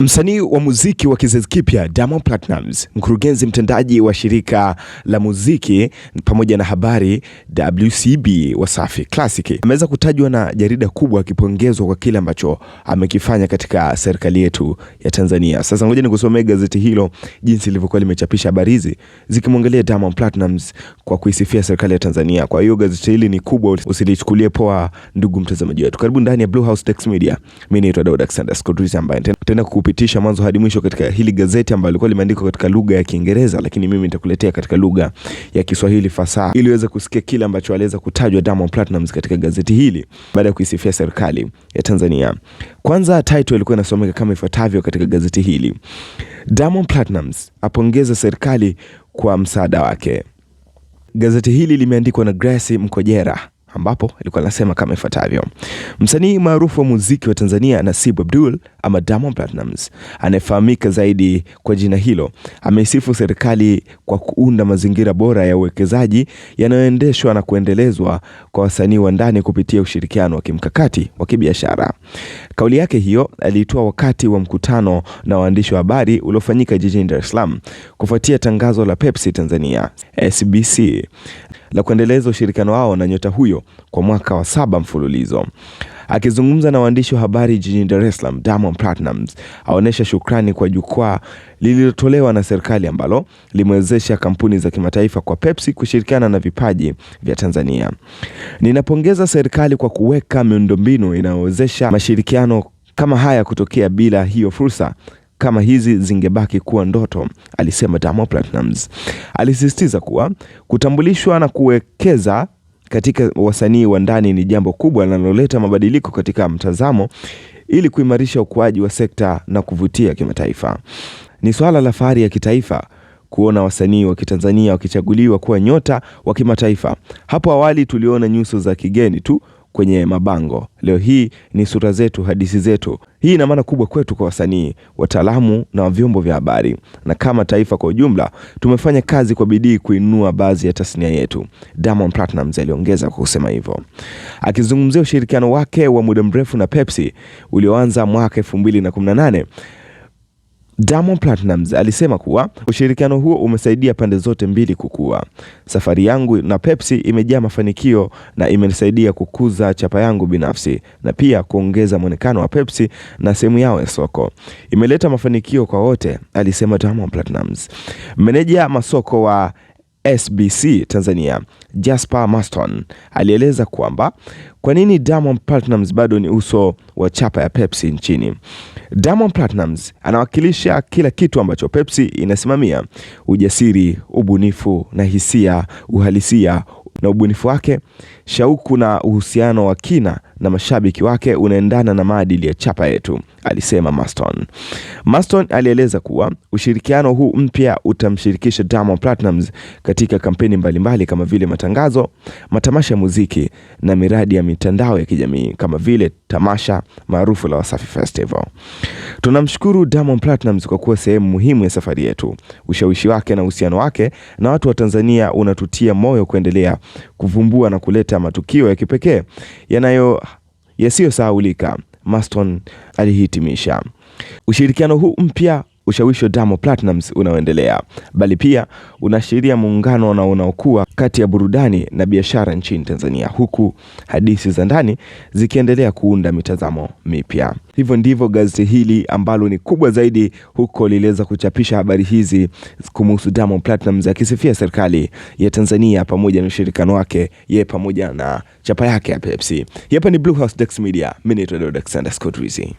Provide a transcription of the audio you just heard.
Msanii wa muziki wa kizazi kipya Diamond Platnumz, mkurugenzi mtendaji wa shirika la muziki pamoja na habari WCB Wasafi Classic, ameweza kutajwa na jarida kubwa akipongezwa kwa kile ambacho amekifanya katika serikali yetu ya Tanzania. Sasa ngoja nikusomee gazeti hilo jinsi lilivyokuwa limechapisha habari hizi zikimwangalia Diamond Platnumz kwa kuisifia serikali ya Tanzania. Kwa hiyo gazeti hili ni kubwa, usilichukulie poa, ndugu mtazamaji wetu. Karibu ndani ya Blue House Text Media. Mimi naitwa Daud Alexander Scott ambaye tena kukupa kupitisha mwanzo hadi mwisho katika hili gazeti ambalo lilikuwa limeandikwa katika lugha ya Kiingereza, lakini mimi nitakuletea katika lugha ya Kiswahili fasaha, ili uweze kusikia kile ambacho aliweza kutajwa Diamond Platnumz katika gazeti hili baada ya kuisifia serikali ya Tanzania. Kwanza title ilikuwa inasomeka kama ifuatavyo katika gazeti hili: Diamond Platnumz apongeza serikali kwa msaada wake. Gazeti hili limeandikwa na Grace Mkojera ambapo ilikuwa linasema kama ifuatavyo: msanii maarufu wa muziki wa Tanzania Nasibu Abdul ama Diamond Platnumz anayefahamika zaidi kwa jina hilo ameisifu serikali kwa kuunda mazingira bora ya uwekezaji yanayoendeshwa na kuendelezwa kwa wasanii wa ndani kupitia ushirikiano wa kimkakati wa kibiashara. Kauli yake hiyo aliitoa wakati wa mkutano na waandishi wa habari uliofanyika jijini Dar es Salaam kufuatia tangazo la Pepsi Tanzania SBC la kuendeleza ushirikiano wao na nyota huyo kwa mwaka wa saba mfululizo. Akizungumza na waandishi wa habari jijini Dar es Salaam, Diamond Platnumz aonyesha shukrani kwa jukwaa lililotolewa na serikali ambalo limewezesha kampuni za kimataifa kwa Pepsi kushirikiana na vipaji vya Tanzania. Ninapongeza serikali kwa kuweka miundombinu inayowezesha mashirikiano kama haya kutokea. Bila hiyo fursa, kama hizi zingebaki kuwa ndoto, alisema Diamond Platnumz. Alisisitiza kuwa kutambulishwa na kuwekeza katika wasanii wa ndani ni jambo kubwa linaloleta mabadiliko katika mtazamo ili kuimarisha ukuaji wa sekta na kuvutia kimataifa. Ni swala la fahari ya kitaifa kuona wasanii wa Kitanzania wakichaguliwa kuwa nyota wa kimataifa. Hapo awali tuliona nyuso za kigeni tu kwenye mabango. Leo hii ni sura zetu, hadithi zetu. Hii ina maana kubwa kwetu kwa wasanii, wataalamu na vyombo vya habari, na kama taifa kwa ujumla. Tumefanya kazi kwa bidii kuinua baadhi ya tasnia yetu, Diamond Platnumz aliongeza kwa kusema hivyo, akizungumzia ushirikiano wake wa muda mrefu na Pepsi ulioanza mwaka 2018. Diamond Platnumz alisema kuwa ushirikiano huo umesaidia pande zote mbili kukua. Safari yangu na Pepsi imejaa mafanikio na imenisaidia kukuza chapa yangu binafsi na pia kuongeza mwonekano wa Pepsi na sehemu yao ya soko. Imeleta mafanikio kwa wote, alisema Diamond Platnumz. Meneja masoko wa SBC Tanzania Jasper Maston alieleza kwamba kwa nini Diamond Platnumz bado ni uso wa chapa ya Pepsi nchini. Diamond Platnumz anawakilisha kila kitu ambacho Pepsi inasimamia: ujasiri, ubunifu na hisia uhalisia na ubunifu wake, shauku na uhusiano wa kina na mashabiki wake unaendana na maadili ya chapa yetu, alisema Maston. Maston alieleza kuwa ushirikiano huu mpya utamshirikisha Diamond Platnumz katika kampeni mbalimbali mbali kama vile matangazo, matamasha ya muziki na miradi ya mitandao ya kijamii kama vile tamasha maarufu la Wasafi Festival. Tunamshukuru Diamond Platnumz kwa kuwa sehemu muhimu ya safari yetu. Ushawishi wake na uhusiano wake na watu wa Tanzania unatutia moyo kuendelea kuvumbua na kuleta matukio ya kipekee yanayo yasiyosahaulika, Maston alihitimisha. Ushirikiano huu mpya ushawishi wa Diamond Platnumz unaoendelea, bali pia unaashiria muungano na unaokuwa kati ya burudani na biashara nchini Tanzania, huku hadithi za ndani zikiendelea kuunda mitazamo mipya. Hivyo ndivyo gazeti hili ambalo ni kubwa zaidi huko liliweza kuchapisha habari hizi kumhusu Diamond Platnumz akisifia serikali ya Tanzania pamoja na ushirikano wake ye pamoja na chapa yake ya Pepsi. Hapa ni Blue House Dex Media. Mimi ni Alexander Scott Rizzi.